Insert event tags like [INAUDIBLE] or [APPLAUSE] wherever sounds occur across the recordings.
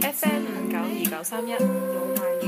FM 五九二九三一。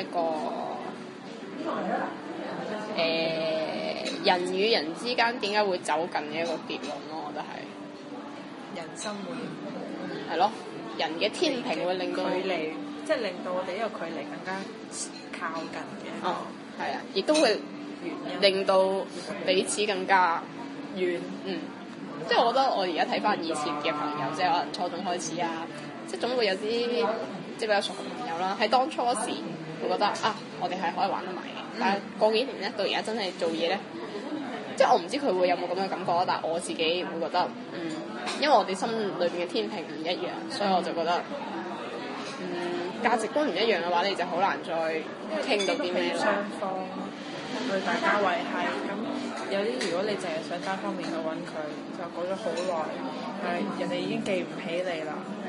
一個誒、呃、人與人之間點解會走近嘅一個結論咯，我覺得係人生會係、嗯、咯人嘅天平會令到距離，即係令到我哋呢個距離更加靠近嘅哦，係啊，亦都會令到彼此更加遠。嗯，哇即係我覺得我而家睇返以前嘅朋友，啊、即係可能初中開始啊，即係總會有啲、嗯、即係比較熟嘅朋友啦、啊。喺、嗯、當初時。嗯我覺得啊，我哋係可以玩得埋嘅。但係過幾年咧，到而家真係做嘢咧，即係我唔知佢會有冇咁嘅感覺咯。但係我自己會覺得，嗯，因為我哋心裏邊嘅天平唔一樣，所以我就覺得，嗯，價值觀唔一樣嘅話，你就好難再傾到啲咩啦。都係雙方對大家維係。咁有啲如果你淨係想單方面去揾佢，就講咗好耐，係人哋已經記唔起你啦。 [NOISE]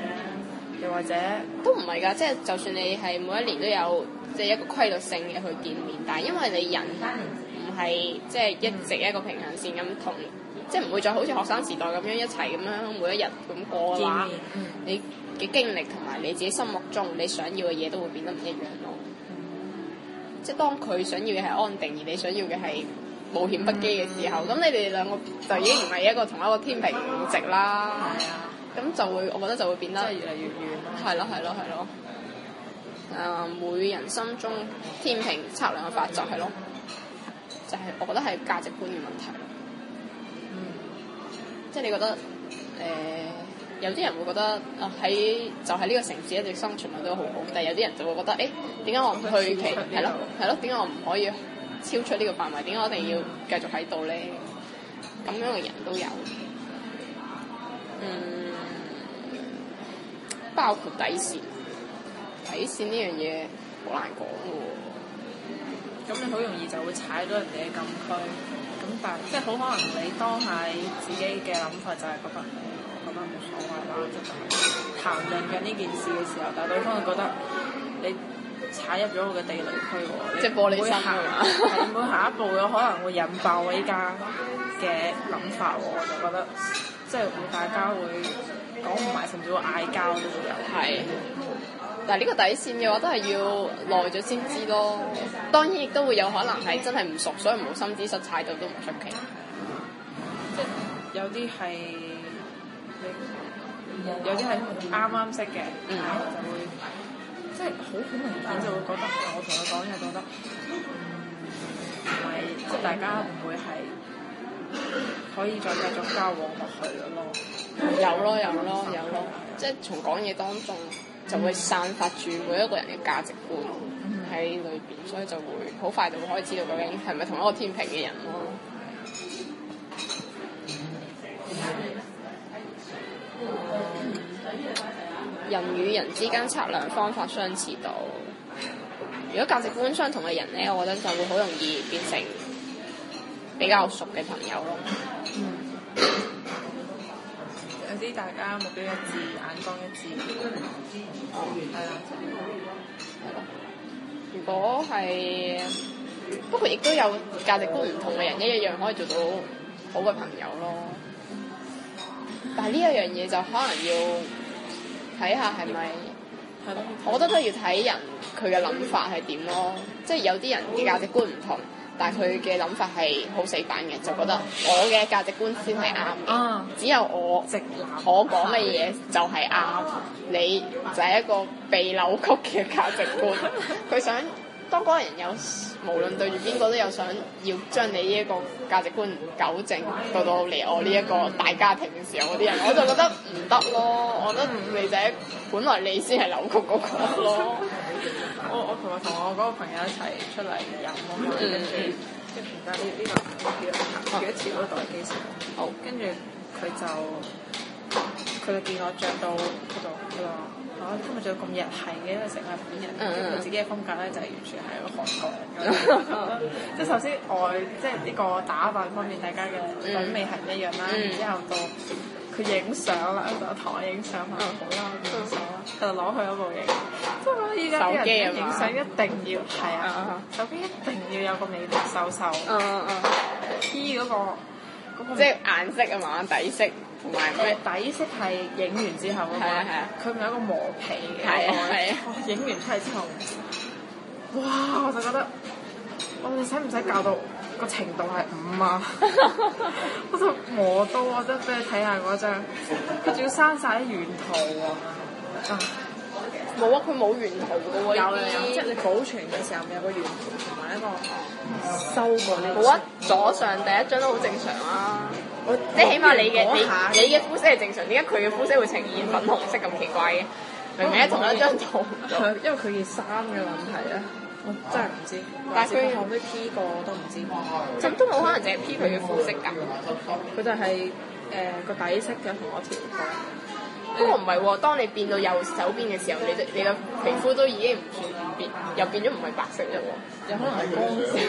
又或者都唔係㗎，即、就、係、是、就算你係每一年都有即係、就是、一個規律性嘅去見面，但係因為你人唔係即係一直一個平衡線咁同，即係唔會再好似學生時代咁樣一齊咁樣每一日咁過嘅話，嗯、你嘅經歷同埋你自己心目中你想要嘅嘢都會變得唔一樣咯。嗯、即係當佢想要嘅係安定，而你想要嘅係冒險不羈嘅時候，咁、嗯、你哋兩個就已經唔係一個同一個天秤價值啦。咁就會，我覺得就會變得越嚟越遠係咯係咯係咯。誒 [MUSIC] ，uh, 每人心中天秤測量嘅法則係咯， [MUSIC] 就係、是、我覺得係價值觀嘅問題。嗯，即係你覺得誒、呃，有啲人會覺得啊喺就喺呢個城市一直生存得都好好，嗯、但係有啲人就會覺得誒，點、欸、解我唔去？係咯係咯，點 [NOISE] 解樂我唔可以超出呢個範圍？點解我一定要繼續喺度咧？咁樣嘅人都有。嗯。包括底線，底線呢樣嘢好難講嘅喎，咁你好容易就會踩到人哋嘅禁區，咁但即係好可能你當下自己嘅諗法就係覺得咁得冇所謂啦、啊，就係談論緊呢件事嘅時候，但係對方就覺得你踩入咗我嘅地雷區喎，即係玻璃心啊，會下一步有可能會引爆我依家嘅諗法喎，我就覺得即係大家會。 [LAUGHS] 講唔埋，甚至會嗌交，呢個又係。但係呢個底線嘅話，都係要耐咗先知咯。當然亦都會有可能係真係唔熟，所以冇心之失踩到都唔出奇。即係有啲係，嗯、有啲係啱啱識嘅，嗯、就會即係好好明顯就會覺得，嗯、我同佢講嘢覺得唔係，即、嗯、係大家唔會係可以再繼續交往落去咯。有咯，有咯，有咯，即係從講嘢當中、嗯、就會散發住每一個人嘅價值觀喺裏邊，所以就會好快就會可以知道究竟係咪同一個天秤嘅人咯。嗯、人與人之間測量方法相似度，如果價值觀相同嘅人咧，我覺得就會好容易變成比較熟嘅朋友咯。嗯大家目標一致，眼光一致，係啊，係咯。如果係、嗯、不過，亦都有價值觀唔同嘅人，一樣可以做到好嘅朋友咯。但係呢一樣嘢就可能要睇下係咪，係咯、嗯。嗯、我覺得都要睇人佢嘅諗法係點咯，嗯、即係有啲人嘅價值觀唔同。但佢嘅諗法係好死板嘅，就覺得我嘅價值觀先係啱嘅，只有我直可講嘅嘢就係啱，你就係一個被扭曲嘅價值觀。佢 [LAUGHS] 想當嗰個人有無論對住邊個都有想要將你呢一個價值觀糾正，到到嚟我呢一個大家庭嘅時候，嗰啲人我就覺得唔得咯，我覺得你就係本來你先係扭曲嗰個咯。 [LAUGHS] 我我同埋同我嗰個朋友一齊出嚟飲，跟住即係而家呢呢個幾多幾多次嗰機時？好，跟住佢就佢就見我着到嗰種，佢話，啊，今日着到咁日系嘅，因為成個係日本人，佢自己嘅風格咧就係、係、完全係一個韓國人咁，即係首先外，即係呢個打扮方面，大家嘅品味係唔一樣啦。然之後到佢影相啦，就同我影相，拍得好啦，真爽啊！就攞佢嗰部影。即係依家啲人影相一定要係啊，手機一定要有個美圖秀秀。嗯嗯嗯。Uh, uh, P 嗰、嗰個，個即係顏色啊，嘛，底色同埋咩？底色係影完之後。係啊，佢唔係一個磨皮嘅。係啊係啊。影、啊啊啊、完出嚟之後，哇！我就覺得，我哋使唔使校到個程度係五啊？ [LAUGHS] 我就磨刀，我覺得俾你睇下嗰張，佢仲要刪晒啲原圖啊！啊。 [LAUGHS] [LAUGHS] 冇啊，佢冇原圖㗎喎，有即係你保存嘅時候咪有個原圖同埋一個修過嘅。冇啊，左上第一張都好正常啊，即我起碼你嘅你你嘅膚色係正常，點解佢嘅膚色會呈現粉紅色咁奇怪嘅？明明同一張圖， [LAUGHS] 因為佢件衫嘅問題啊。我真係唔知，但係佢講咩 P 過我都唔知，咁都冇可能淨係 P 佢嘅膚色㗎，佢就係誒個底色嘅同我調。哦、不過唔係喎，當你變到右手邊嘅時候，你對你個皮膚都已經唔變，又變咗唔係白色啫喎，有可能係光線，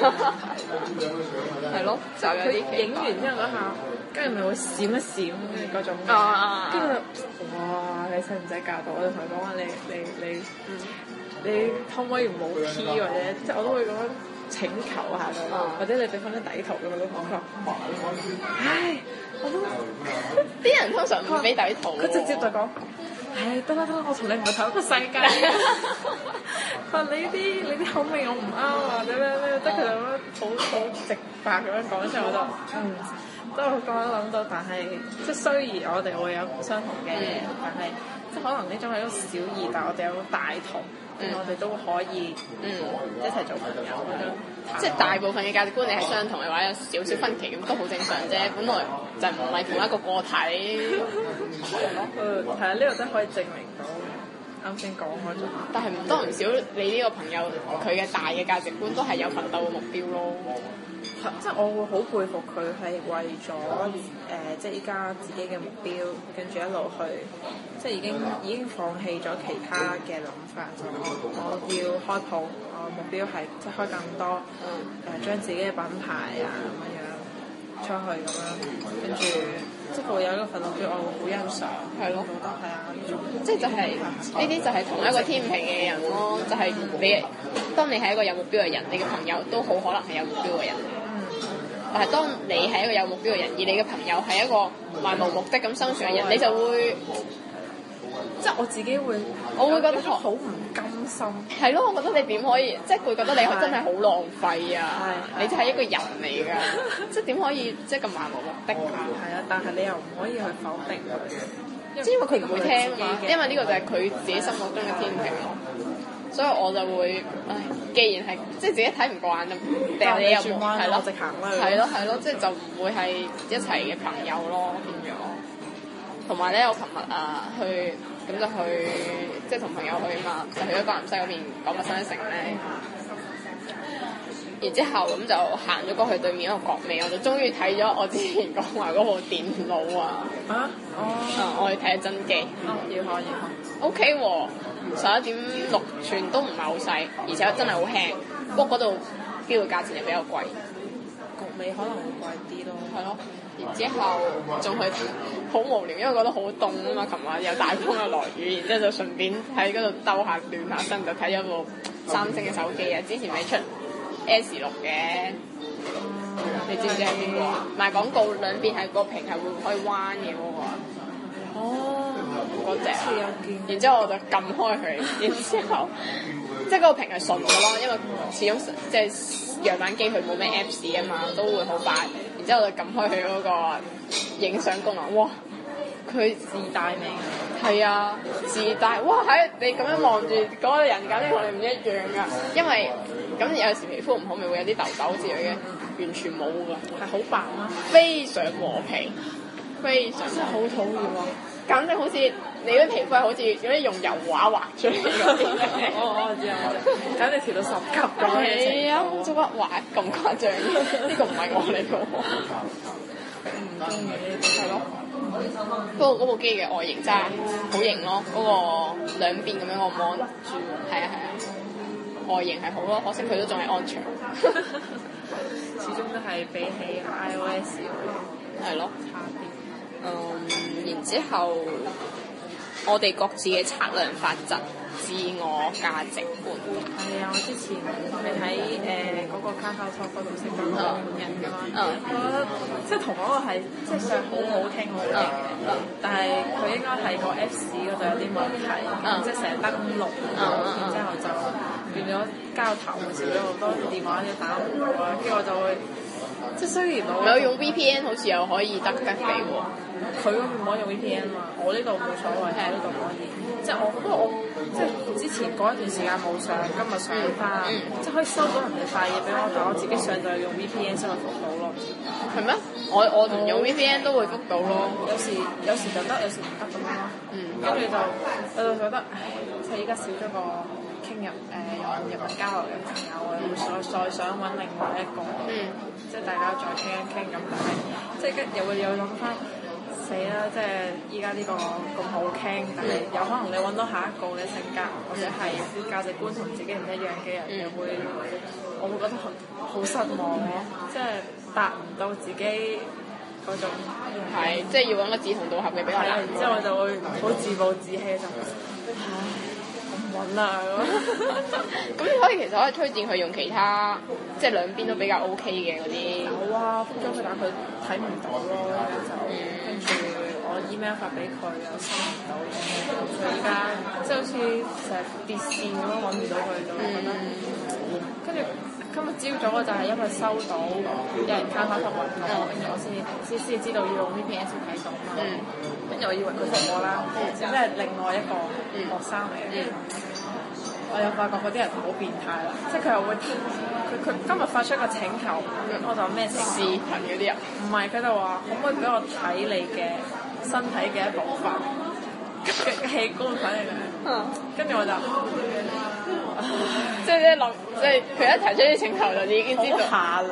係咯，就有啲影完之後嗰下，跟住咪會閃一閃種，跟住嗰種，跟住就哇你使唔使教導我就同佢講話你你你你可唔可以唔好 P 或者即係我都會咁樣請求下佢，或者你俾翻啲底圖咁樣咯，唉。啲人 [NOISE] 通常唔會俾大同，佢直接就講，唉，得啦得啦，我同你唔係同一個世界。話 [LAUGHS] [LAUGHS] 你啲你啲口味我唔啱或者咩咩，得佢咁樣好好直白咁樣講出嚟，我都，嗯、都好過我諗到。但係即雖然我哋會有唔相同嘅嘢，但係即可能呢種係一個小異，但係我哋有大同，我哋都可以一齊、嗯嗯、做朋友。即係大部分嘅價值觀你係相同嘅話，或者有少少分歧咁都好正常啫。本來就唔係同一個個體，係咯，誒係啊，呢個真係可以證明到。啱先講開咗，但係唔多唔少，你呢個朋友佢嘅、嗯、大嘅價值觀都係有奮鬥嘅目標咯、呃。即係我會好佩服佢係為咗誒，即係依家自己嘅目標，跟住一路去，即係已經已經放棄咗其他嘅諗法。就我，我要開鋪，我目標係即係開更多，誒將、嗯呃、自己嘅品牌啊咁樣出去咁樣跟住。即會有一個份鬥嘅我會好欣賞。係咯，覺得係啊，即係就係呢啲就係同一個天平嘅人咯，嗯、就係你、嗯、當你係一個有目標嘅人，嗯、你嘅朋友都好可能係有目標嘅人。但係、嗯、當你係一個有目標嘅人，而你嘅朋友係一個漫無目的咁生存嘅人，嗯、你就會即係我自己會，我會覺得好唔夠心係咯，我覺得你點可以，即係會覺得你真係好浪費啊！你就係一個人嚟㗎， [LAUGHS] 即係點可以即係咁漫無目的？係啊、哦，但係你又唔可以去否定佢，即係因為佢唔會聽嘛，因為呢個就係佢自己心目中嘅天平。所以我就會，既然係即係自己睇唔慣，掉你入去係咯，了直行啦。係咯係咯，即係了就唔會係一齊嘅朋友咯。嗯嗯。同埋咧，我琴日啊去，咁就去，即係同朋友去啊嘛，就去咗江南西嗰邊廣百商城咧。然之後咁就行咗過去對面一個國美，我就終於睇咗我之前講話嗰部電腦啊。啊！哦、嗯！我哋睇下真機。啊、要可以。O K 喎，十一點六寸都唔係好細，而且真係好輕。不過嗰度呢嘅價錢又比較貴。國美可能會貴啲咯。係咯、啊。之後仲係好無聊，因為覺得好凍啊嘛，琴晚又大風又落雨，然之後就順便喺嗰度兜下暖下身，就睇咗部三星嘅手機啊，之前咪出 S 六嘅，嗯、你知唔知係邊個賣廣告，兩邊係個屏係會唔會可以彎嘅喎，我嗯、哦，嗰、那、隻、個，然之後我就撳開佢，然之後， [LAUGHS] 然後即係嗰個屏係順嘅咯，因為始終、就是、即係樣板機佢冇咩 Apps 嘅嘛，都會好快。之後就撳開佢嗰個影相功能，哇！佢自帶咩？係啊，自帶哇！喺、哎、你咁樣望住嗰個人，簡直同你唔一樣㗎。因為咁有時皮膚唔好咪會有啲痘痘之類嘅，完全冇㗎，係好白，非常和平，非常、啊、真係好討厭。啊簡直好似你嗰啲皮膚好似如果你用油畫畫出嚟咁樣，我我知啊，我哋簡直調到十級咁樣啊，做乜畫咁誇張，呢 [LAUGHS] [LAUGHS] 個唔係我嚟嘅喎。嗯，係咯沒。嗰嗰部機嘅外形真係好型咯，嗰、嗰個兩邊咁樣我望住，係啊係啊。外形係好咯，可惜佢都仲係安卓， [LAUGHS] 始終都係比起 iOS 係咯差啲。嗯，um, 然之後我哋各自嘅測量法則、自我價值觀。係啊，我之前咪喺誒嗰個卡卡託嗰度識到好多人嘅嘛，嗯、我覺得即係同嗰個係即係上好好傾、好聽嘅、嗯，但係佢應該係個 Apps 嗰度有啲問題，即係成日登錄，然之後就變咗交頭似耳好多電話嘅打，跟住我就會。雖然我有用 VPN 好似又可以得得嘅喎，佢嗰邊唔可以用 VPN 嘛，我呢度冇所謂，係呢度可以。即係我，不過我即係之前嗰一段時間冇上，今日上翻，嗯嗯、即係可以收到人哋發嘢俾我，但我自己上就用 VPN 先可以復到咯。係咩？我我唔用 VPN 都會復到咯，有時有時就得，有時唔得咁樣咯。嗯。跟住就我就覺得，唉，即係依家少咗個。入誒有、呃、入交流嘅朋友，我會再再想揾另外一個，嗯、即係大家再傾一傾咁，但係即係又會有諗翻，死啦！即係依家呢個咁好傾，但係有可能你揾到下一個嘅性格或者係價值觀同自己唔一樣嘅人，嗯、你會，我會覺得好失望咯，嗯、即係達唔到自己嗰種，即係要揾個志同道合嘅比較。之後我就會好自暴自棄就，嗯、唉。揾啊咁，你可以其實可以推薦佢用其他，即係兩邊都比較 OK 嘅嗰啲。好啊，封咗佢，但係佢睇唔到咯，嗯、到就跟住我 email 發俾佢又收唔到，咁所以依家即係好似成日跌線咁咯，揾唔到佢咁樣。得，跟住今日朝早我就係因為收到有人嘆口氣揾我，跟住我先先先知道要用 VPS 睇到嘛。我以為佢同學啦，即係另外一個學生嚟嘅。嗯、我有發覺嗰啲人好變態啦，即係佢又會，佢佢、嗯、今日發出一個請求，嗯、我就咩事？視頻嗰啲人，唔係佢就話，可唔可以俾我睇你嘅身體嘅一部分，嘅器官睇你嘅。跟住、嗯、我就。 [LAUGHS] 即係咧落，即係佢一提出啲請求就已經知道下流，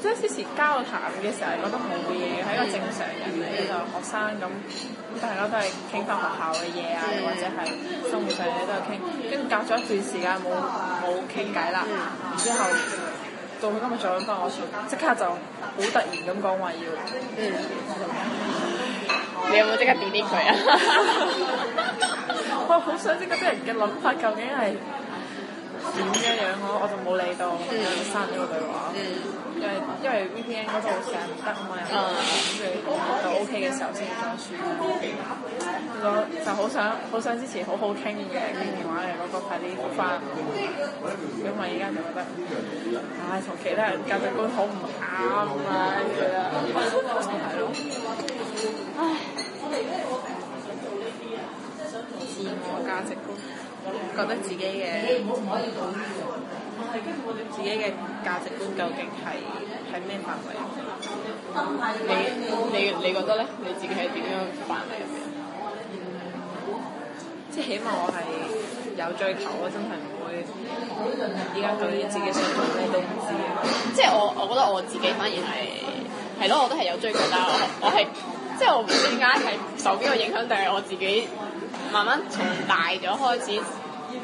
即係啲時交談嘅時候覺得冇嘢， [LAUGHS] 係一個正常人，嚟。喺就學生咁，咁大家都係傾翻學校嘅嘢啊，或者係生活上咧都係傾，跟住隔咗一段時間冇冇傾偈啦，然之後到佢今日再揾翻我，即刻就好突然咁講話要， [LAUGHS] [LAUGHS] 你有冇即刻 delete 佢啊？ [LAUGHS] 我好想知嗰啲人嘅諗法究竟係點嘅樣咯，我就冇理到，跟住就刪咗個對話，嗯、因為因為 VPN 嗰度上唔得嘛，咁就、嗯嗯、就 OK 嘅時候先上算啦。我、嗯、就想想好想好想之前好好傾嘅電話嚟，嗰、嗰個快啲復咁我而家就覺得，唉、哎，同其他人價值觀好唔啱啊，咁、就、樣、是嗯就是，唉，我哋自、嗯、我價值觀，覺得自己嘅，我我我唔可以自己嘅價值觀究竟係係咩範圍？你你你覺得咧？你自己係點樣範圍入邊？即係起碼我係有追求，我真係唔會依家對於自己想做咩都唔知、啊、即係我我覺得我自己反而係係咯，我都係有追求，但我係。即係我唔知點解係受邊個影響，定係我自己慢慢從大咗開始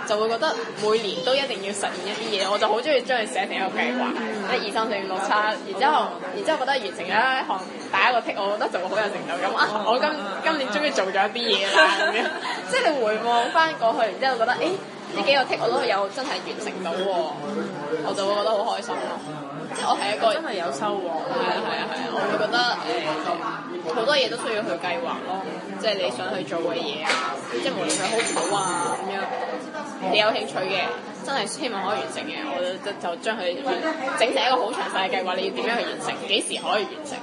就會覺得每年都一定要實現一啲嘢，我就好中意將佢寫成一個計劃，一二三四五六七，然之後，嗯、然之後覺得完成咗一項，嗯、打一個剔，我覺得就會好有成就感啊！我今、嗯、今年終於做咗一啲嘢啦，即係你回望翻過去，然之後覺得誒。誒呢幾個剔我都有真係完成到喎，我就會覺得好開心咯。即係我係一個因為有收穫，係啊係啊係啊，我會覺得誒好、嗯呃、多嘢都需要去計劃咯。即係你想去做嘅嘢啊，即係無論佢好唔好啊咁樣，你有興趣嘅，真係希望可以完成嘅，我就將佢整成一個好詳細嘅計劃，你要點樣去完成，幾時可以完成。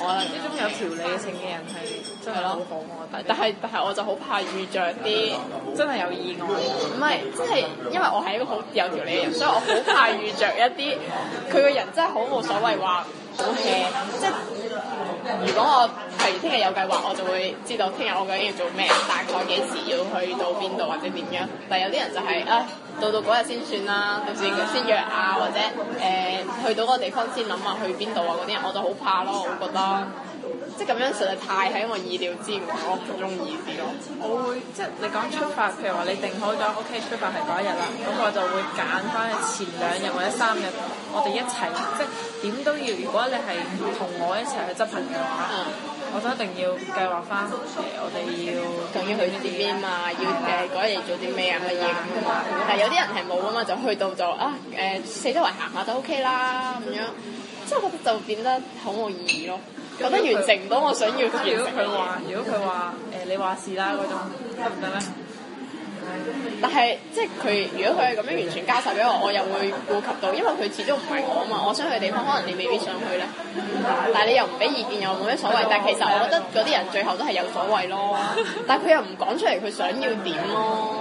我呢種有條理性嘅人係真係好好，了但是但係但係我就好怕遇着啲真係有意外。唔係是，即係因為我係一個好有條理嘅人， [LAUGHS] 所以我好怕遇着一啲佢個人真係好冇所謂話好 hea 即係。 [LAUGHS] 就是如果我譬如聽日有計劃，我就會知道聽日我究竟要做咩，大概幾時要去到邊度或者點樣。但係有啲人就係、誒、啊，到到嗰日先算啦，到時先約啊，或者誒、呃、去到嗰個地方先諗下去邊度啊，嗰啲人，我就好怕咯，我覺得。即係咁樣實在太喺我意料之外，我唔中意啲咯。我會即係你講出發，譬如話你定好咗，OK 出發係嗰一日啦，咁我就會揀翻前兩日或者三日，我哋一齊即係點都要。如果你係同我一齊去執行嘅話，嗯、我就一定要計劃翻，我哋要仲要去啲邊啊，啦要誒嗰日做啲咩啊乜嘢咁。啦但係有啲人係冇啊嘛，就去到就啊誒、呃、四周圍行下、啊、都 OK 啦咁樣，即係我覺得就變得好冇意義咯。覺得完成唔到我想要嘅，如果佢話，如果佢話，誒、呃，你話事啦嗰種得唔得咧？但係即係佢，如果佢係咁樣完全交曬俾我，我又會顧及到，因為佢始終唔係我啊嘛。我想去嘅地方，可能你未必想去啦、嗯。但係你又唔俾意見，又冇咩所謂。嗯、但係其實我覺得嗰啲人最後都係有所謂咯。 [LAUGHS] 但係佢又唔講出嚟，佢想要點咯？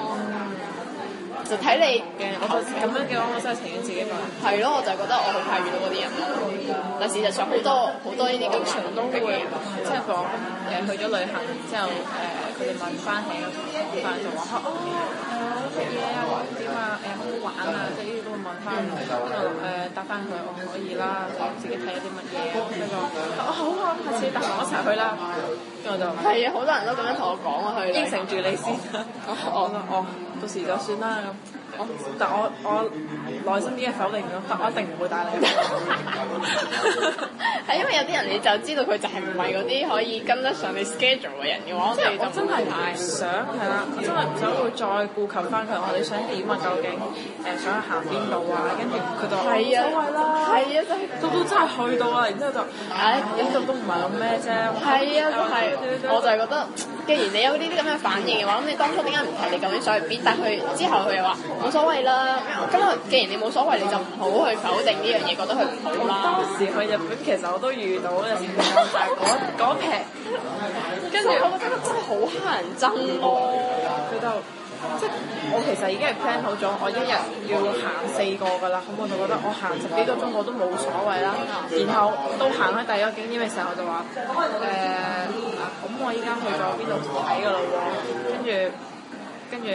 就睇你嘅，我咁就、嗯、樣嘅話，嗯、我真係情願自己嘛。係咯，我就係覺得我好怕遇到嗰啲人咯。嗯、但事實上好多好、嗯、多呢啲嘅場都會即係講誒去咗旅行之後誒。呃佢哋問翻起，咁快就話：哦，係、哦、啊，食嘢啊，點啊？誒、哎，好好玩啊！即係呢啲都會問翻。跟住誒答翻佢：我可以啦，自己睇下啲乜嘢啊？跟好啊，下次帶我一齊去啦。是我跟住就係、是、啊，好多人都咁樣同我講啊，去應承住你先啊、 [LAUGHS] 嗯。我哦，到時就算啦咁。我就我我內心已經否定咗，但我一定唔會帶你、係。係因為有啲人你就知道佢就係唔係嗰啲可以跟得上你 schedule 嘅人嘅話，我哋就真係太想係啦。真係唔想會再顧及翻佢。我哋想點啊 S？究竟誒想行邊度啊？跟住佢就係啊，係啊，都都真係去到啊！然之後就唉，呢度都唔係咁咩啫。係啊，都係。我就係覺得，既然你有呢啲咁嘅反應嘅話，咁你當初點解唔提你究竟想去邊？但佢之後佢又話。冇所謂啦，咁啊，既然你冇所謂，你就唔好去否定呢樣嘢，覺得佢唔好啦。當時去日本其實我都遇到，但係嗰嗰劈，跟住我覺得真係好乞人憎咯。佢就即係我其實已經係 plan 好咗，我一日要行四個㗎啦，咁我就覺得我行十幾個鐘我都冇所謂啦。然後都行喺第一個景點嘅時候我就話，誒，咁我依家去咗邊度睇㗎啦喎，跟住。跟住誒，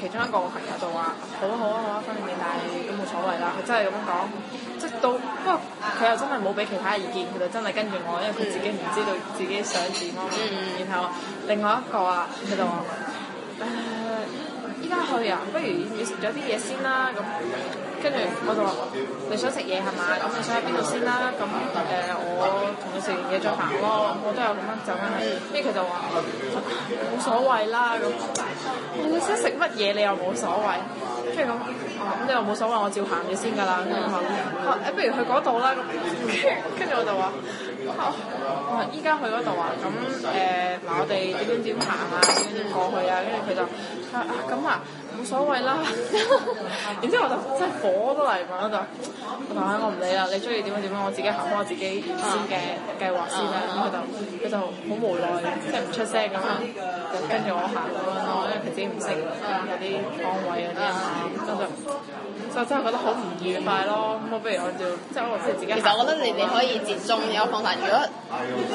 其中一個朋友就話： [NOISE] 好啊好啊好啊，分兩邊。但、但係都冇所謂啦。佢真係咁講，即係到不過佢又真係冇俾其他意見，佢就真係跟住我，因為佢自己唔知道自己想點咯。然後另外一個啊，佢就話：呃，依家去啊，不如要食咗啲嘢先啦。咁。跟住我就話：你想食嘢係嘛？咁你想去邊度先啦、啊？咁、嗯、誒，我同你食完嘢再行咯。我都有咁樣走翻嚟。跟住佢就話：冇、哎、所謂啦咁。你想食乜嘢？你又冇所謂。跟住咁，咁、嗯、你、嗯、又冇所謂，我照行住先㗎、啊啊哎、啦。咁啊，誒、啊，不如去嗰度啦。咁、啊，跟住我就話：我我依家去嗰度啊。咁誒，嗱，我哋點點點行啊，點點點過去啊。跟住佢就啊咁啊。啊啊啊啊啊啊啊冇所謂啦，然之後我就真係火都嚟埋，我就我話，唉我唔理啦，你中意點樣點樣，我自己行翻我自己先嘅計劃先啦。咁佢、啊、就佢就好無奈，即係唔出聲咁樣，跟住我行咁樣，因為佢自己唔識嗰啲方位啊啲，咁就就真係覺得好唔愉快咯。咁我不如我就，就即係我自己。其實我覺得你哋可以折中有個方法，啊、如果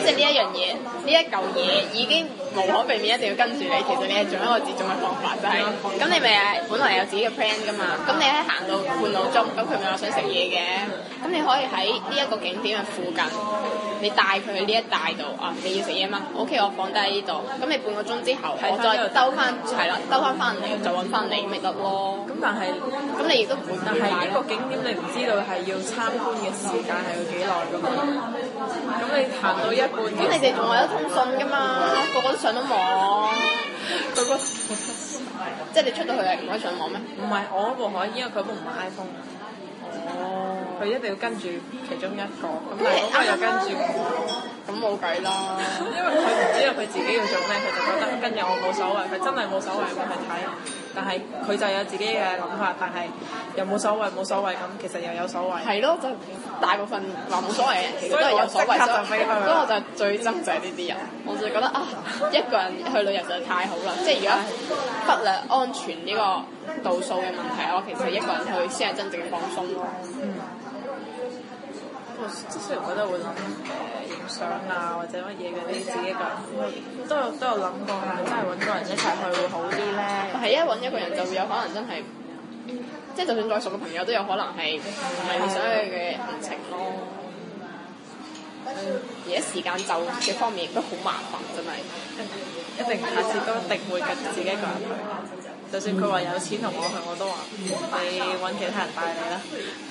即係呢一樣嘢呢一嚿嘢已經。無可避免一定要跟住你，其實你係仲有一個折衷嘅方法就係，咁，咁你咪本來有自己嘅 plan 㗎嘛，咁你喺行到半路中，咁佢咪話想食嘢嘅，咁你可以喺呢一個景點嘅附近。你帶佢去呢一帶度啊！你要食嘢嗎？OK，我放低喺呢度。咁你半個鐘之後，我再兜翻，係啦，兜翻翻嚟就揾翻你，咪得咯。咁但係，咁你亦都唔，但係一個景點你唔知道係要參觀嘅時間係要幾耐噶嘛？咁你行到一半，咁你哋仲有得通訊噶嘛？個個都上到網。個個，即係你出到去係唔可以上網咩？唔係我嗰部可以，因為佢嗰部唔係 iPhone。哦。佢一定要跟住其中一個，咁但係嗰個又跟住佢，咁冇計啦。因為佢唔知道佢自己要做咩，佢就覺得跟住我冇所謂，佢真係冇所謂我去睇。但係佢就有自己嘅諗法，但係又冇所謂冇所謂咁，其實又有所謂。係咯，就係、大部分話冇所謂嘅人，其實都係有所謂嘅。所以我就最憎就係呢啲人，我就覺得啊，一個人去旅遊就太好啦！的即係而家忽略安全呢個度數嘅問題，我其實一個人去先係真正嘅放鬆咯。即雖然覺得會諗誒影相啊，或者乜嘢嘅，你自己一個人，都有都有諗過，真係揾個人一齊去會好啲咧。係一揾一個人就會有可能真係，即係就算再熟嘅朋友都有可能係唔係理想嘅行程咯。而家的時間就嘅方面亦都好麻煩，真係一定下次都一定會跟自己一個人去。就算佢話有錢同我去，我都話、嗯、你揾其他人帶你啦。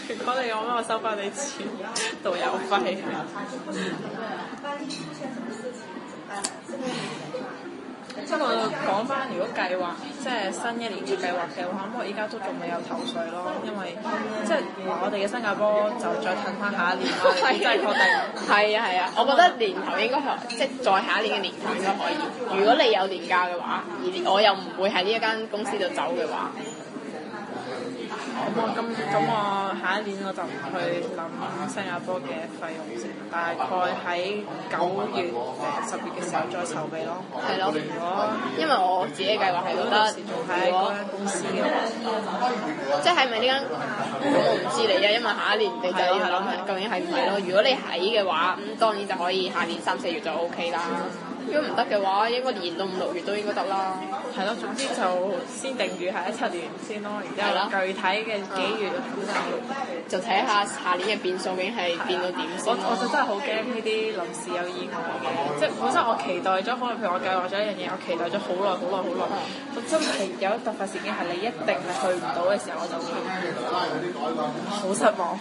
如果你咁樣，我收翻你錢導遊費。即係我講翻，如果計劃即係新一年嘅計劃嘅話，不過依家都仲未有頭緒咯，因為即係我哋嘅新加坡就再褪翻下一年先再 [LAUGHS] 確定。係 [LAUGHS] 啊，係啊，我覺得年頭應該係即係再下一年嘅年頭應該可以。如果你有年假嘅話，而我又唔會喺呢一間公司度走嘅話。咁我咁咁我下一年，我就唔去諗新加坡嘅費用先，大概喺九月誒十月嘅時候再籌備咯，係咯。如果因為我自己嘅計劃係覺得，仲喺間公司嘅話，即係咪呢間？咁我唔知你啊，因為下一年你就要諗的的究竟係唔係咯。如果你喺嘅話，咁、嗯、當然就可以下年三四月就 OK 啦。如果唔得嘅話，應該延到五六月都應該得啦。係咯，總之就先定住下一七年先咯，然之後咧，具體嘅幾月就睇下下年嘅變數變了，係變到點。我我就真係好驚呢啲臨時有意外嘅，即係本身我期待咗，可能譬如我計劃咗一樣嘢，我期待咗好耐好耐好耐，嗯、我真係有突發事件係你一定係去唔到嘅時候，我就會好失望。 [LAUGHS]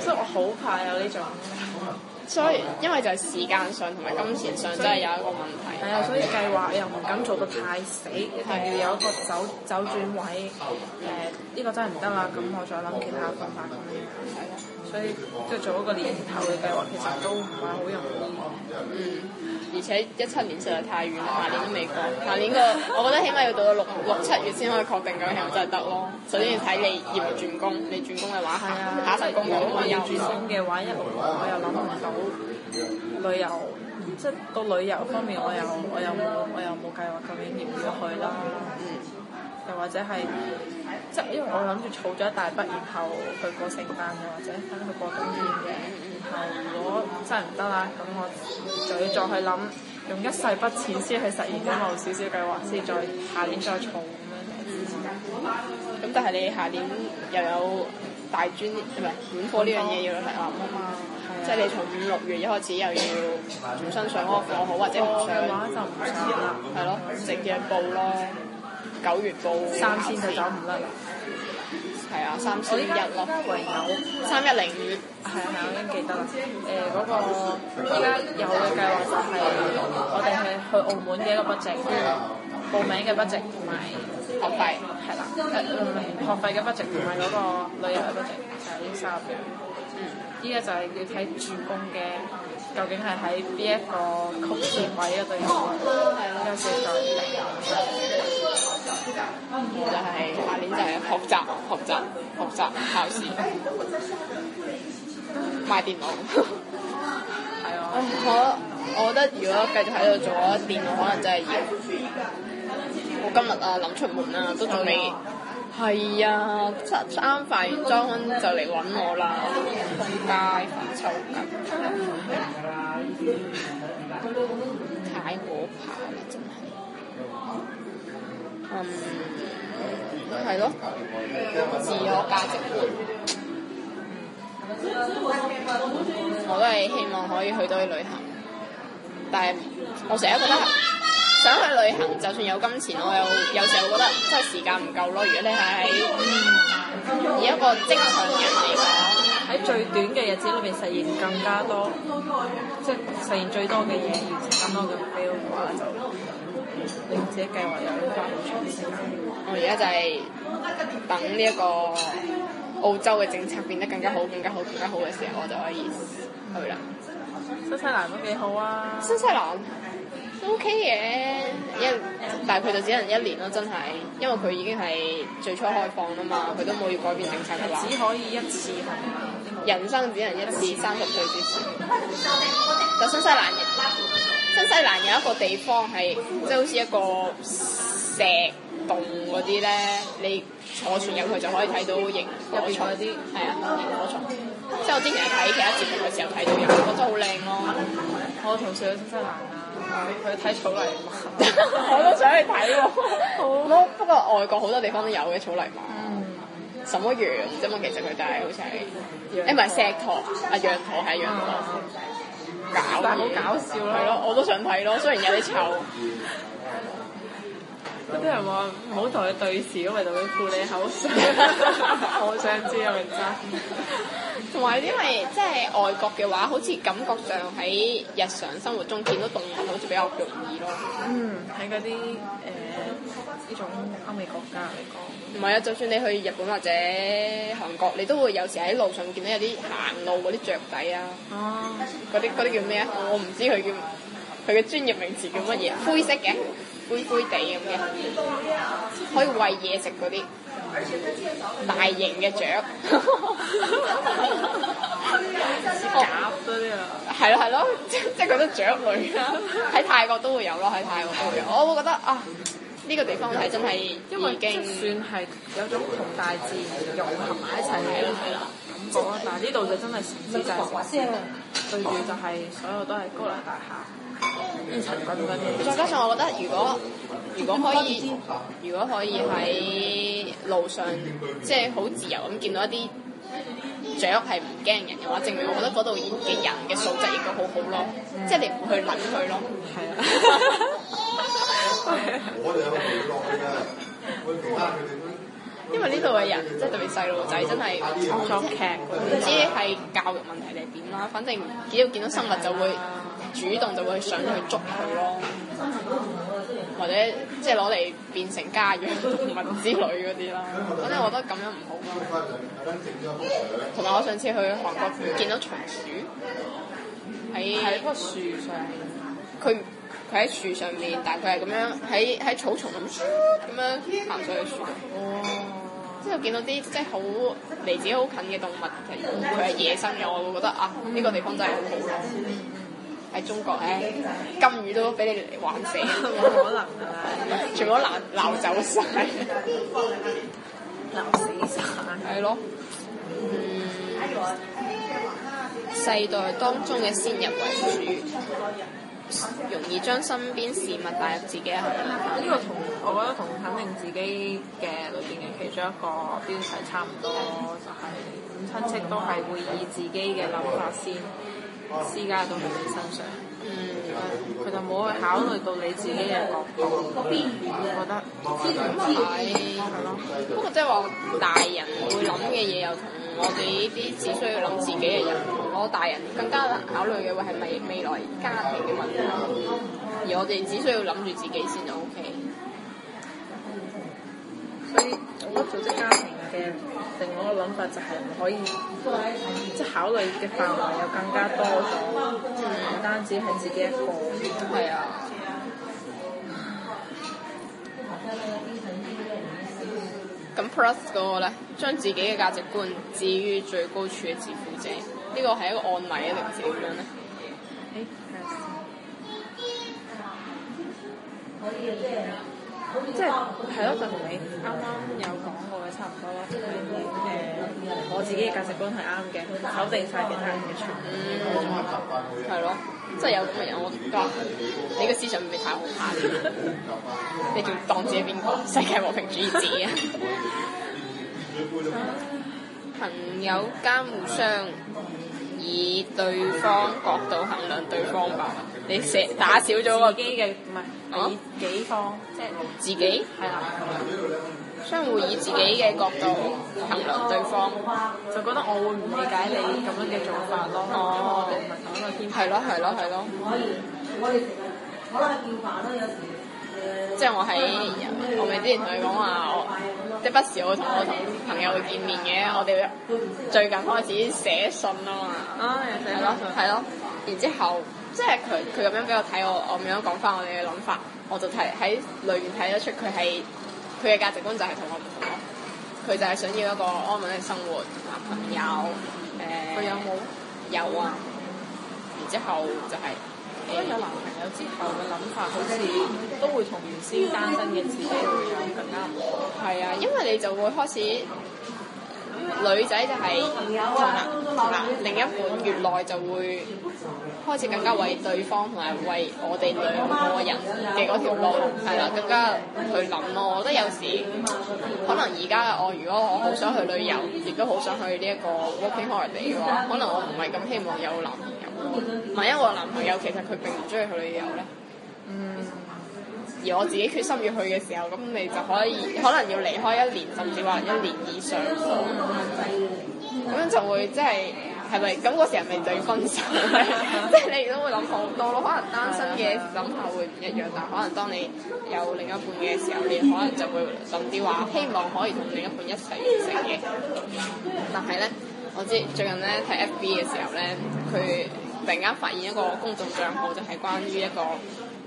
所以，我好怕有呢種。 [LAUGHS] 所以，因為就係時間上同埋金錢上以真係有一個問題。係啊，所以計劃又唔敢做得太死，一定要有一個走走轉位。誒、呃，呢、這個真係唔得啦，咁我再諗其他嘅方法咁樣樣。係啊，所以即係做一個年頭嘅計劃，其實都唔係好容易。嗯而且一七年實在太遠啦，下年都未過。下年個，我覺得起碼要到六六七月先可以確定咁樣，我真係得咯。首先要睇你業轉工，你轉工嘅話，係啊， [COUGHS] 下世工如果我業轉工嘅話，一 [COUGHS] 我又諗唔到旅遊， [COUGHS] 即係到旅遊方面，我又我又我又冇計劃究竟要唔要去啦。 [COUGHS] 又或者係，即係因為我諗住儲咗一大筆，然後去過聖誕又或者，翻去過冬天嘅。然後如果真係唔得啦，咁我就要再去諗，用一細筆錢先去實現咁樣少少計劃，先再下年再儲咁樣咁。但係你下年又有大專唔係本科呢樣嘢要落嚟啊嘛，即係你從五六月一開始又要重新上嗰個課，好或者唔上嘅話就唔差，係咯，直接報咯。九月報三千就走唔甩啦，係啊、嗯，三日落一咯，三一零月。係啊，啊，我已經記得啦。誒、呃，嗰、那個依家有嘅計劃就係我哋係去澳門嘅一個 budget 報名嘅 budget 同埋學費係啦費、呃，學費嘅 budget 同埋嗰個旅遊嘅 budget 就係、是、呢三樣。嗯，依家就係要睇住工嘅究竟係喺邊一個曲線位嗰度，應該幾我就係下年就係學習學習學習考試賣電腦，係 [LAUGHS] 啊！我我覺得如果繼續喺度做啊電腦，可能真係要我今日啊諗出門啊，都仲未係啊！啱啱化完妝、嗯、就嚟揾我啦，街發、嗯、臭腳，太可怕啦！真係。嗯，係咯，自我價值。我都係希望可以去到去旅行，但係我成日覺得想去旅行，就算有金錢，我又有時候覺得即係時間唔夠咯。如果你係喺以一個正常人嚟講，喺最短嘅日子裏面實現更加多，即係實現最多嘅嘢，完成更多嘅目標嘅話，就你自己計劃又好長線，我而家就係等呢一個澳洲嘅政策變得更加好、更加好、更加好嘅時候，我就可以去啦。新西蘭都幾好啊！新西蘭 OK 嘅，一但係佢就只能一年咯，真係，因為佢已經係最初開放啦嘛，佢都冇要改變政策嘅話，只可以一次係人生只能一次，三十歲之前 [LAUGHS] 就新西蘭人。新西蘭有一個地方係即係好似一個石洞嗰啲咧，你坐船入去就可以睇到入邊嗰啲係啊，螢火蟲。即係我之前睇其他節目嘅時候睇到有，我覺得好靚咯。我同小新新西蘭啦，去睇草泥馬， [LAUGHS] 我都想去睇喎、啊。我 [LAUGHS] 好不過外國好多地方都有嘅草泥馬，嗯、什麼羊啫嘛，其實佢就係好似誒唔係石駝啊，羊駝係一樣。 [LAUGHS] [LAUGHS] 但係好搞笑咯，係咯，我都想睇咯， [LAUGHS] 雖然有啲臭。 [LAUGHS] 有啲人話唔好同佢對視，因為就會吐你口水。 [LAUGHS] 我想知原因。同埋因為即係外國嘅話，好似感覺上喺日常生活中見到動物，好似比較容易咯。嗯、mm，喺嗰啲誒呢種歐美國家嚟講。唔係啊！就算你去日本或者韓國，你都會有時喺路上見到有啲行路嗰啲雀仔啊。哦、oh。嗰啲嗰啲叫咩啊？我唔知佢叫佢嘅專業名詞叫乜嘢？灰色嘅。灰灰地咁嘅，可以餵嘢食嗰啲大型嘅雀，啲、 [LAUGHS] [LAUGHS] 哦、啊，係咯係咯，即係覺得雀類啦。喺泰國都會有咯，喺泰國都會有。我會覺得啊，呢、呢個地方係真係，因為已經算係有種同大自然融合埋一齊嘅感覺啦。但係呢度就真係只就係對住就係所有都係高樓大廈。 [MUSIC] 再加上我覺得，如果如果可以，如果可以喺路上即係好自由咁見到一啲雀係唔驚人嘅話，證明我覺得嗰度嘅人嘅素質亦都好好咯。即係你唔去諗佢咯。係啊。 [LAUGHS] 我哋有美國㗎，去其他佢哋都。因為呢度嘅人即係特別細路仔，真係拍啲嘢，唔知係教育問題定係點啦。反正只要見到生物就會。主動就會上去捉佢咯，或者即係攞嚟變成家養動物之類嗰啲啦。反正我覺得咁樣唔好。同埋我上次去韓國見到松鼠，喺喺棵樹上，佢佢喺樹上面，但係佢係咁樣喺喺草叢咁，咁樣行上去樹度。哦！即係見到啲即係好離自己好近嘅動物，佢係野生嘅，我會覺得啊，呢、嗯、個地方真係好好咯～喺中國咧、哎，金魚都俾你哋玩死，冇可能㗎嘛，全部都鬧鬧走晒，鬧 [LAUGHS] 死晒了。係咯，嗯，哎、世代當中嘅先入為主，容易將身邊事物帶入自己係。呢個同我覺得同肯定自己嘅裏邊嘅其中一個標題差唔多，就係、是、親戚都係會以自己嘅諗法先。私家到佢哋身上，嗯，佢就冇去考慮到你自己嘅角度，會覺得，唉，不過即係話大人會諗嘅嘢又同我哋呢啲只需要諗自己嘅人同我大人更加考慮嘅會係未未來家庭嘅問題，而我哋只需要諗住自己先就 OK。所以我覺得組織家庭。嘅、嗯、另外一個諗法就係唔可以，嗯、即係考慮嘅範圍又更加多咗，唔單止係自己一個。係啊。咁 Plus 嗰個咧，將自己嘅價值觀置於最高處嘅自負者，呢個係一個案例啊定點樣咧？誒、哎，可以嘅。即係係咯，就同你啱啱有講過嘅差唔多啦。誒、嗯嗯，我自己嘅價值觀係啱嘅，否定晒其他人嘅全部。係咯，即係有咁嘅人，我覺 [LAUGHS] 你嘅思想未太好。怕， [LAUGHS] [LAUGHS] 你叫當自己邊個？世界和平主義者啊！朋友間互相以對方角度衡量對方吧。你寫打少咗個自嘅唔係己方，即係自己係啦，相互以自己嘅角度衡量對方，就覺得我會唔理解你咁樣嘅做法咯。我哋唔係講咗先，係咯係咯係咯。唔可以，我哋可能見面啦，有時即係我喺，我咪之前同你講話，我即不時我同我同朋友去見面嘅，我哋最近開始寫信啊嘛。啊，係咯，係咯，然之後。即係佢佢咁樣俾我睇，我我咁樣講翻我哋嘅諗法，我就睇喺裏面睇得出佢係佢嘅價值觀就係同我唔同咯。佢就係想要一個安穩嘅生活，男朋友。誒、呃。佢有冇？有啊。然之後就係、是。覺、呃、得有男朋友之後嘅諗法，好似都會同原先單身嘅自己會將更加唔同。係啊，因為你就會開始為女仔就係同啊另一半越耐就會。開始更加為對方同埋為我哋兩個人嘅嗰條路係啦，更加去諗咯。我覺得有時可能而家我如果我好想去旅遊，亦都好想去呢一個 working holiday 嘅話，可能我唔係咁希望有男朋友。萬一我男朋友其實佢並唔中意去旅遊咧。嗯。而我自己決心要去嘅時候，咁你就可以可能要離開一年甚至話一年以上，咁樣就會即係。係咪咁嗰時咪就要分手？即 [LAUGHS] 係你都會諗好多咯。可能單身嘅諗法會唔一樣，但係可能當你有另一半嘅時候，你可能就會諗啲話，希望可以同另一半一齊完成嘅。 [LAUGHS] 但係咧，我知最近咧睇 FB 嘅時候咧，佢突然間發現一個公眾賬號，就係、是、關於一個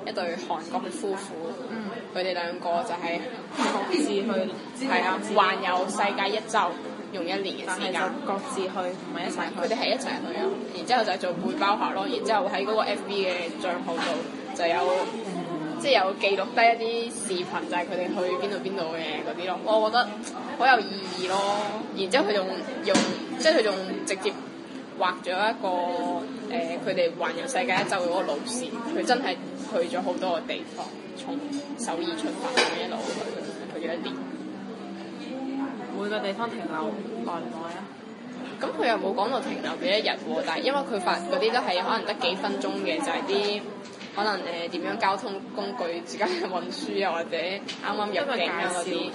一對韓國嘅夫婦，佢哋、嗯、兩個就係各自去係啊環遊世界一周。用一年嘅時間各自去，唔係一齊去。佢哋係一齊去啊、嗯！然之後就做背包客咯。然之後喺嗰個 FB 嘅帳號度就有，即係有記錄低一啲視頻，就係佢哋去邊度邊度嘅嗰啲咯。我覺得好有意義咯。然之後佢仲用，即係佢仲直接畫咗一個誒，佢哋環遊世界一周嗰個路線。佢真係去咗好多個地方，從首爾出發一路去，去咗一年。每個地方停留耐唔耐啊？咁佢又冇講到停留幾一日喎，但係因為佢發嗰啲都係可能得幾分鐘嘅，就係、是、啲可能誒點、呃、樣交通工具之間嘅運輸啊，或者啱啱入境啲，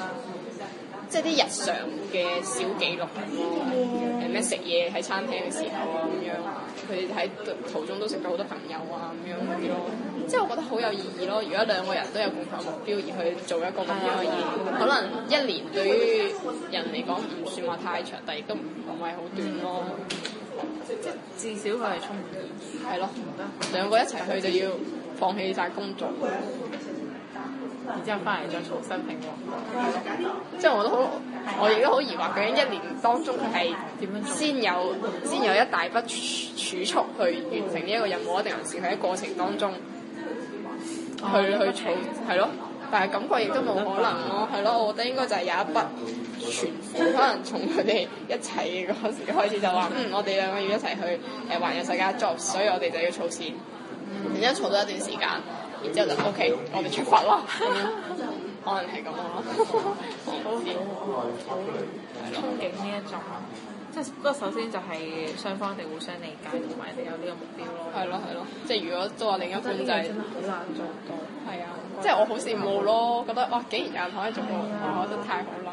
即係啲日常嘅小記錄、啊，誒咩食嘢喺餐廳嘅時候咁、啊、樣。佢哋喺途中都識咗好多朋友啊咁、嗯、樣嗰啲咯，即、就、係、是、我覺得好有意義咯。如果兩個人都有共同目標而去做一個目標嘅嘢，嗯、可能一年對於人嚟講唔算話太長，但亦都唔係好短咯。即係、嗯、 [LAUGHS] 至少佢係充，係 [LAUGHS] 咯，兩個一齊去就要放棄晒工作。然之後翻嚟再重新拼喎， [MUSIC] 即係我都好，我亦都好疑惑，究竟一年當中係點樣先有先有一大筆儲，儲蓄去完成呢一個任務？一定係喺過程當中、哦、去去儲，係咯。但係感覺亦都冇可能咯，係咯。我覺得應該就係有一筆存款，可能從佢哋一齊嗰時開始就話， [LAUGHS] 嗯，我哋兩個要一齊去誒環遊世界 job，所以我哋就要儲錢，然之後儲咗一段時間。然之後就 O、OK, K，我哋出發啦，可能係咁咯。 [LAUGHS] [LAUGHS] 好羨慕，憧憬呢一種，即係不過首先就係雙方一定互相理解，同埋你有呢個目標咯。係咯係咯，嗯、即係如果都話另一種就係、是、真係好難做到。係啊，即係我好羨慕咯，對覺得哇、啊，竟然有人可以做到，啊、我覺得太好啦！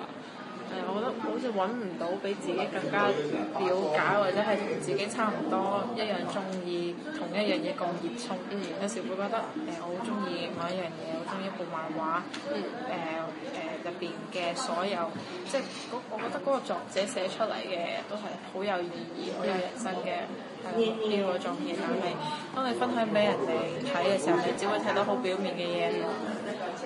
我覺得好似揾唔到比自己更加了解，或者係同自己差唔多一樣中意同一樣嘢咁熱衷。嗯、mm。Hmm. 有時會覺得誒、呃，我好中意某一樣嘢，好中意一部漫畫。嗯、mm。誒、hmm. 誒、呃，入邊嘅所有，即係我我覺得嗰個作者寫出嚟嘅都係好有意義、好、mm hmm. 有人生嘅係呢嗰種嘢。但係當你分享俾人哋睇嘅時候，你只會睇到好表面嘅嘢。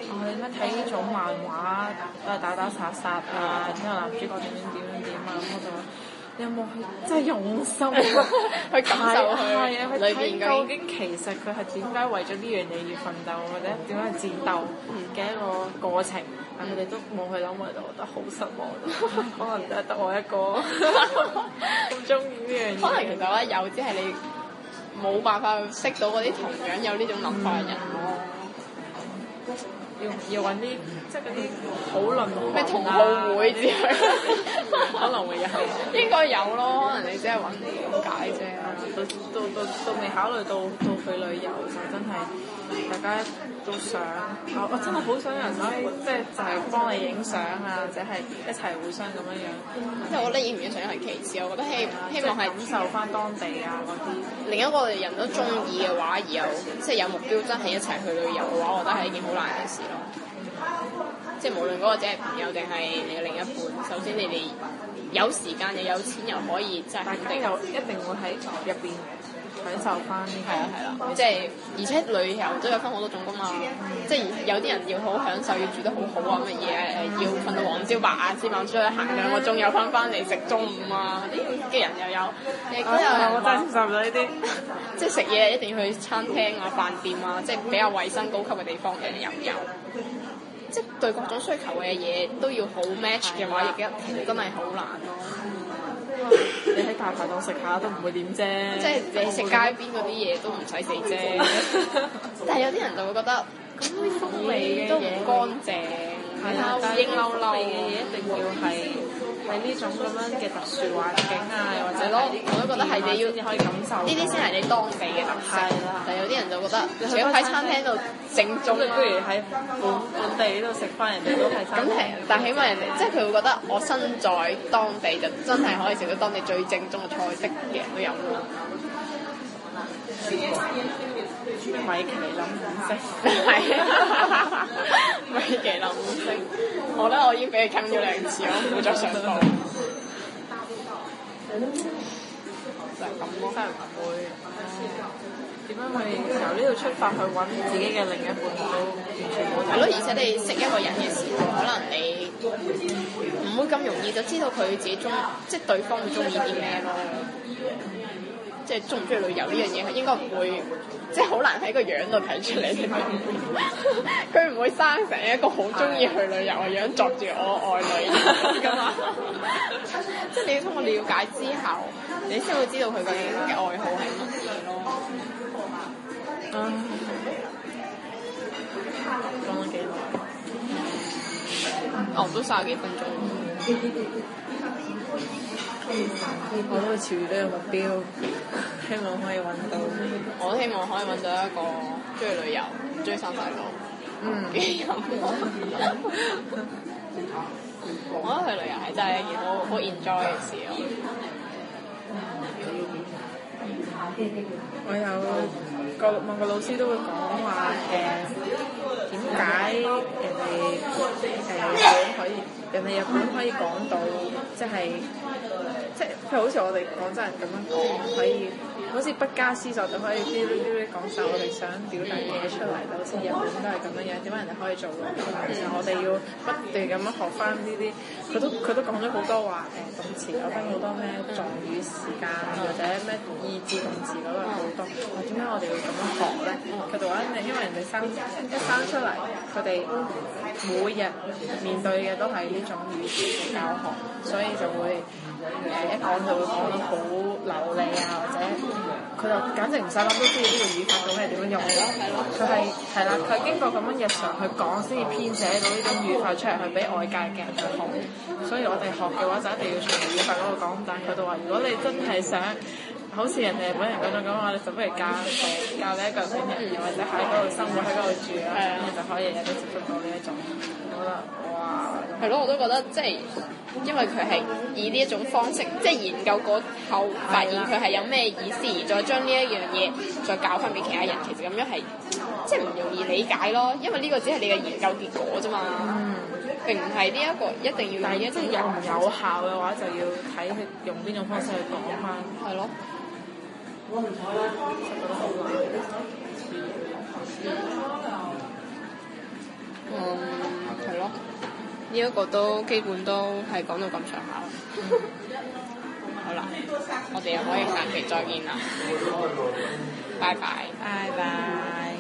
我哋咧睇呢種漫畫，都係打打殺殺啊，之後男主角點點點樣點啊，咁、嗯、我就話你有冇去真係用心去 [LAUGHS] 感受佢， [LAUGHS] 去是睇究竟其實佢係點解為咗呢樣嘢而奮鬥，或者點樣戰鬥嘅一個過程，但佢哋都冇去諗埋，就覺得好失望。可能真係得我一個咁鍾意呢樣嘢。 [LAUGHS] [LAUGHS] [LAUGHS] 可能其實咧，有只係你冇辦法去識到嗰啲同樣有呢種諗法嘅人咯。嗯嗯。要要揾啲即係嗰啲討論文文、啊，咩同好會，之類，可能會有、啊，應該有咯。可能你只係揾啲點解啫，到到到到未考慮到到去旅遊就真係。大家都想、哦，我真係好想人可以即係就係、是、幫你影相啊，或者係一齊互相咁樣樣。即係、嗯、的我覺得影唔影相係其次，的我覺得希希望係感受翻當地啊嗰啲。另一個人都中意嘅話，而又即係有目標，真係一齊去旅遊嘅話，我覺得係一件好難嘅事咯。嗯、即係無論嗰個只係朋友定係你嘅另一半，首先你哋有時間又有錢又可以，大家有一定會喺入邊。享受翻，係啊，係 [NOISE] 啦，即係而且旅遊都有分好多種噶嘛，即係有啲人要好享受，要住得好好啊，乜嘢要瞓到黃朝白晚先猛出去行兩個鐘又翻翻嚟食中午啊啲嘅人又有，你我又我真係接受唔到呢啲， [LAUGHS] 即係食嘢一定要去餐廳啊飯店啊，即係比較衞生高級嘅地方嘅人又有，即係對各種需求嘅嘢都要好 match 嘅話，而家真係好難咯。 [LAUGHS] 你喺大排檔食下都唔會點啫，即係你食街邊嗰啲嘢都唔使死啫。 [LAUGHS] 但係有啲人就會覺得咁啲 [LAUGHS] 風味嘅都唔乾淨，然後營樓內嘅嘢一定要係。嗯喺呢種咁樣嘅特殊環境啊，又或者囉，我都覺得係你要可以感受呢啲先係你當地嘅特色。啦，但有啲人就覺得，除咗喺餐廳度正宗、啊，不如喺本本地呢度食翻人哋。咁平，但起碼人哋即係佢會覺得，我身在當地就真係可以食到當地最正宗嘅菜式嘅都有。 [LAUGHS] [LAUGHS] 米其林五星係， [LAUGHS] 米其林五星。我咧，我已經俾佢坑咗兩次，我冇再上當。就係咁咯，點 [NOISE] 樣去由呢度出發去揾自己嘅另一半都完全冇咯，而且你識一個人嘅時候，可能你唔會咁容易就知道佢自己中，即、即係、對方會中意啲咩咯。 [NOISE] [NOISE] 即係中唔中意旅遊呢樣嘢，應該唔會，即係好難喺個樣度睇出嚟。佢唔會生成一個好中意去旅遊嘅樣，作住我愛女咁啊！ [LAUGHS] [LAUGHS] 即係你要通過了解之後，你先會知道佢個樣嘅愛好係咩咯。講咗、 [MUSIC] 嗯、幾耐啊？我都卅幾分鐘。 [MUSIC] 我都朝朝呢個目標，希望可以揾到。我希望可以揾到一個中意旅遊、中意新大陸。嗯，人。 [LAUGHS] [LAUGHS] 我覺得去旅遊係真係一件好好 enjoy 嘅事咯。 [LAUGHS] 我有個望個老師都會講話誒，點、呃、解人哋誒日本可以， 人哋日本可以講、嗯、到即係。就是即係譬如好似我哋廣州人咁樣講，可以好似不加思索咁可以嘟嘟嘟嘟講曬我哋想表達嘅嘢出嚟，就好似日本都係咁樣樣，點解人哋可以做到？其實我哋要不斷咁樣學翻呢啲，佢都佢都講咗好多話誒、呃、動詞有分好多咩狀語時間。咩意志、三字嗰個好多，點解我哋會咁樣學咧？佢哋話因為人哋生一生出嚟，佢哋每日面對嘅都係呢種語言嘅教學，所以就會誒一講就會講得好流利啊，或者。佢就簡直唔使諗都知呢個語法做咩、點樣用，佢係係啦，佢經過咁樣日常去講先至編寫到呢種語法出嚟去俾外界嘅人去學。嗯、所以我哋學嘅話就一定要從語法嗰度講，但係佢就話如果你真係想，好似人哋本人嗰種咁話，你就不如教教你一個本地人，人或者喺嗰度生活喺嗰度住啦，咁你、嗯嗯、就可以日日都接觸到呢一種。好啦，哇！係咯，我都覺得即係，因為佢係以呢一種方式，即係研究過後發現佢係有咩意思，而再將呢一樣嘢再教翻俾其他人，其實咁樣係即係唔容易理解咯。因為呢個只係你嘅研究結果啫嘛，嗯，並唔係呢一個一定要。但係，即係有唔有效嘅話，就要睇你用邊種方式去講啊嘛。係咯。嗯，係咯。嗯呢一個都基本都係講到咁上下， [LAUGHS] [LAUGHS] 好啦， [LAUGHS] 我哋又可以下期再見啦，拜拜，拜拜。